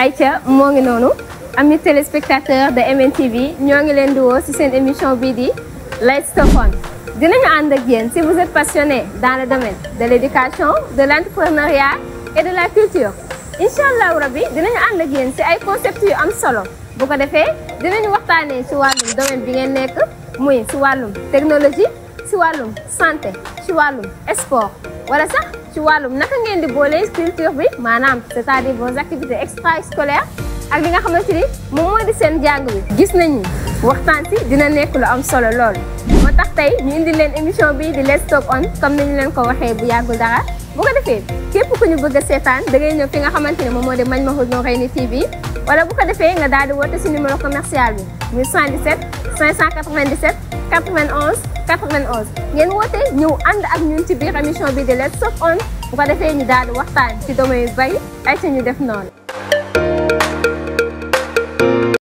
ay Aïcha moo ngi noonu amis téléspectateurs de MNTV ñoo ngi leen di woo ci seen émission bii di Lights Talk On dinañu ànd ak yéen si vous êtes passionné dans le domaine de l'éducation de l'entrepreneuriat et de la culture incha allahu rabbi dinañu ànd ak yéen si ay concepts yu am solo bu ko defee dinañu waxtaanee si wàllum domaine bi ngeen nekk muy si wàllum technologie si wàllum santé si wàllum sport wala sax ci wàllum naka ngeen di boolee culture bi maanaam c'est-à-dire vos activités extrascolaires ak li nga xamante ni moo di seen jàng bi gis nañu waxtaan si dina nekk lu am solo lool. moo tax tey ñu indi leen émission bi di Let's Talk On comme nañu leen ko waxee bu yàggul dara bu ko defee képp ku ñu bëgg a seetaan da ngay ñëw fi nga xamante ne moom moo di Majmahun Nurayni TV wala bu ko defee nga daal di woote si numéro commercial bi muy 77 91 91 ngeen woote ñëw ànd ak ñun ci biir émission bi di Let's Shop On bu ko defee ñu daal di waxtaan ci domaine bay ay ca ñu def noonu.